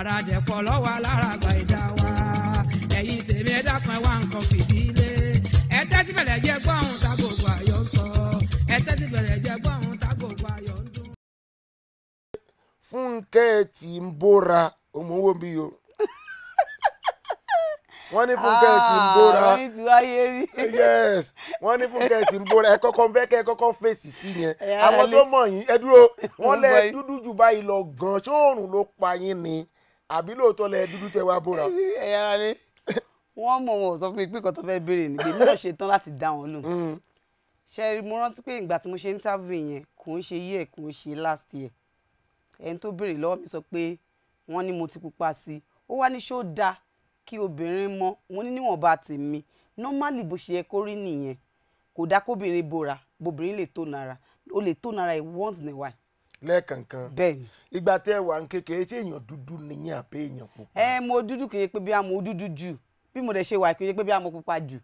àràdẹ̀pọ̀ lọ́wọ́ aláràgbà ìdá wa ẹ̀yin tèmi ẹ̀dá kan wá nǹkan fìdílé ẹ̀tẹ́ tí bẹ̀rẹ̀ jẹ́ gbọ́ ohun tá gbogbo ayọ̀ sọ ẹ̀tẹ́ tí bẹ̀rẹ̀ jẹ́ gbọ́ ohun tá gbogbo ayọ̀ ń dún. fúnkẹ́ tí ń bóra òmùwò bí o wọ́n ní fúnkẹ́ tí ń ah, bóra yes wọ́n ní fúnkẹ́ tí ń bóra ẹ kọ́kọ́ fẹ́ kẹ́ ẹ kọ́kọ́ fèsì sí yẹn àwọn tó mọ̀ yín ẹ dúró wọ́n lẹ dúdú jù báyìí lọ gan ṣóòrùn ló pa yín ni àbí lóòótọ́ lẹ dúdú tẹ wá bóra. ẹ yára lé wọn mọ wọn sọ fún mi pé nǹkan tó fẹ́ béèrè ni èmi náà ṣetán láti dá wọn lò mm. ṣe mo rántí pé ìgbà tí mo ṣe interview yẹn kò ń ṣe year kò ń ṣe last year ẹni tó béèrè lọ́wọ́ mi sọ pé wọ́n ní mo ti pupa sí i ó wá ní ṣó dáa kí obìnrin mọ́ mo ní níwọ̀nba tèmi normally bó ṣe yẹ kó rí nìyẹn kò dáa kóbìnrin bora bóbìnrin lè tó nara o lè tó nara ẹ̀ once in a while lẹ́ẹ̀kọ̀ọ̀kan bẹ́ẹ̀ni ìgbà tẹ́ ẹ wà ń kékeré tí èèyàn dúdú nìyẹn àbẹ́ èèyàn pupa. ẹ mo dúdú kì í pé bí amò dúdú jù bí mo dẹ̀ ṣe wà kì í pé bí amò pupa jù.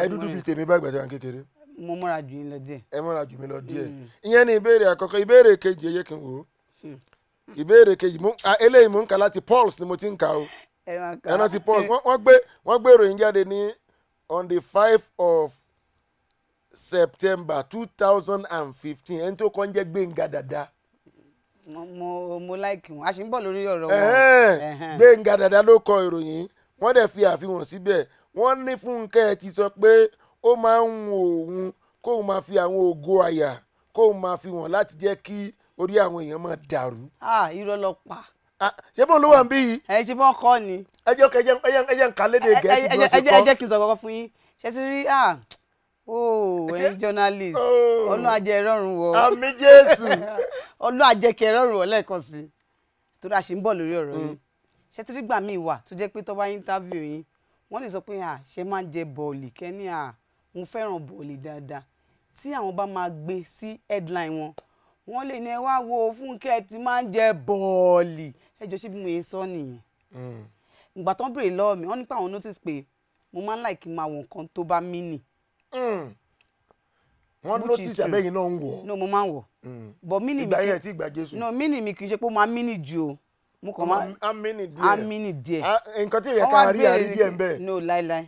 ẹ dúdú bíi tèmi bá ìgbà tẹ́ wà ń kékeré. mo múra jù yín lọ díẹ̀. ẹ múra jù mí lọ díẹ̀ mm. ìyẹn ni ìbéèrè àkọ́kọ́ ìbéèrè kejì ẹ̀yẹ kí n wò ó mm. ìbéèrè kejì eléyìí mò ń kà láti Pulse ni mo ti ń kà o ẹ̀nà ti Pulse wọ́n gbé wọ́n gbé ìròyìn jáde ní on the five of September two thousand and fifteen ẹni tó kọ́ ń jẹ́ Gbénga Dàda mo mo like wọn a ṣe ń bọ̀ lórí ọ̀rọ̀ wọn. Gbénga Dàda ló kọ ìròyìn wọ́n dẹ̀ fi àfihàn síbẹ̀ wọ́n ní Fúnkẹ́ ti sọ pé ó máa ń hun òun kóun máa fi àwọn ògo àyà kóun máa fi wọn láti jẹ́ kí orí àwọn èèyàn máa dàrú. irọ́ lọ pa. ṣé bọ́n ló wà ń bí yìí. ẹ ṣe bọ́n kọ́ ni. ẹ jẹ́ kí ẹ jẹ́ nǹkan lédè gẹ̀ẹ́sì bí wọ́n ṣe kọ́. ẹ jẹ́ kí n sọ kọ́kọ́ fún yín ṣe ti rí ooo oh, ẹ̀yin journalist oh. ọlọ́run ajẹ́ ìrọ̀rùn wọ. àmì jésù ọlọ́ àjẹkẹ́ rọrùn ọ̀lẹ́ẹ̀kan sí i torí a ṣì ń bọ̀ lórí ọ̀rọ̀ yìí mm. ṣé tí nígbà míì wà tó jẹ́ pé tó bá interview yín wọ́n lè sọ pé à ṣe máa ń jẹ bọ̀ọ̀lì kẹ́ni à mo fẹ́ràn bọ̀ọ̀lì dáadáa tí àwọn bá máa gbé sí headline wọn wọ́n lè ní ẹ wá wo fúnkẹ́ ti máa ń jẹ bọ̀ọ̀lì ẹjọ́ ṣé bí mo yẹn sọ nìyẹn mm. ìgbà tán bèrè lọ́wọ́ mi wọ́n ní pé àwọn notice pé mo máa ń like máa wo nǹkan tó bá mí nì mm wọ́n notice abẹ́yìn náà ń wọ̀. no mo máa ń wọ̀. Mm. but mini mi ìgbà yẹn no mini mi kì í ṣe pé ó mini ju o mo kàn máa amini díẹ̀ amini nǹkan tí ìyẹn kan rí àrí díẹ̀ ń bẹ̀. no láíláí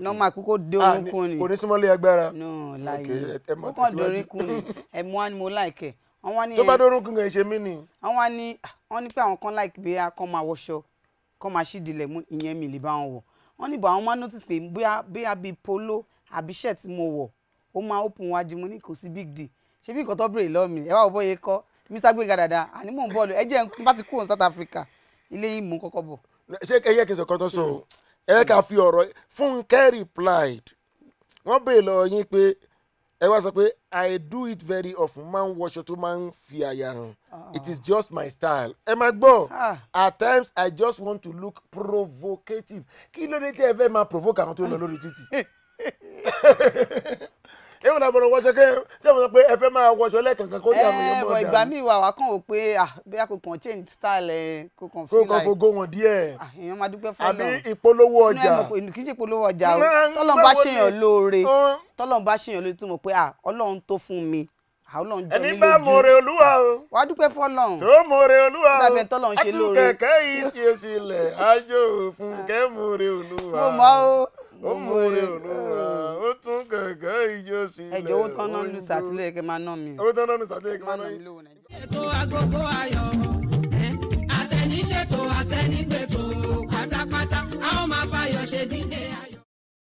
nọ́mà kókó dé ah, orúnkún ni. kò ní súnmọ́lé agbára. no láyé ó kàn dé orúnkún ni ẹ̀mú wa ni mo láìkẹ̀. tó bá dé orúnkún kan ṣe mí ni. àwọn ni ah, wọ́n ní pé àwọn kan láìpẹ́ bí akọ́ máa wọṣọ kọ́ máa ṣídìlẹ̀ mú ìyẹn mi lè bá wọn wọ̀ wọ́n ní bọ̀ àwọn máa notice pé bóyá bíi polo àbí shirt mo wọ̀ ó máa open wájú mo ní kò sí big deal ṣé bí nǹkan tó bèrè lọ́ọ̀ ẹ wá bọ́ yẹ kọ́ Mr Gbéga dada àní mò ń bọ́ọ̀lù ẹ jẹ́ n bá ti kúrò ní South Africa ilé yìí mò kọ́kọ́ bọ̀. ṣé ẹ yẹ kí n sọ kọ́tọ́ sọ ẹ ká fi ọ̀rọ̀ Fúnkẹ́ replied wọ́n bèèrè lọ́ọ́ yín pé ẹ wá sọ pé I do it very often máa ń wọṣọ tó máa ń fi àyà hàn ah. it is just my style ẹ máa gbọ́ ah. at times I just want to look provocative kí ló dé tẹ́ ẹ fẹ́ máa provoke àwọn tó lọ lórí títì. ẹ̀wọ̀n náà bọ̀rọ̀ wọṣọ kẹ́hìn ṣé wọ́n sọ pé ẹ fẹ́ máa wọṣọ lẹ́ẹ̀kankan kó yà wọ́n yẹn mọ́ ìgbà míì wà wá kàn ó pé bí a change style ẹ fi láì. kò kàn fo díẹ̀. èèyàn máa dúpẹ́ fọlọ́. àbí ìpolówó ọjà. kì í ṣe ìpolówó ọjà o tọ́lọ́n bá ṣèyàn lóore tọ́lọ́n bá ṣèyàn lóore tó mọ̀ pé ọlọ́run tó fún mi àwọn jọ mi lójú wàá dúpẹ́ fọlọ́run tó mọ̀rẹ́ kẹ̀kẹ́ ìjọ sí ilẹ̀ òyìnbó ẹjọ́ owó tán náà ń lu kẹ́ máa ná mi. owó tán náà ń lu kẹ́ máa ná mi.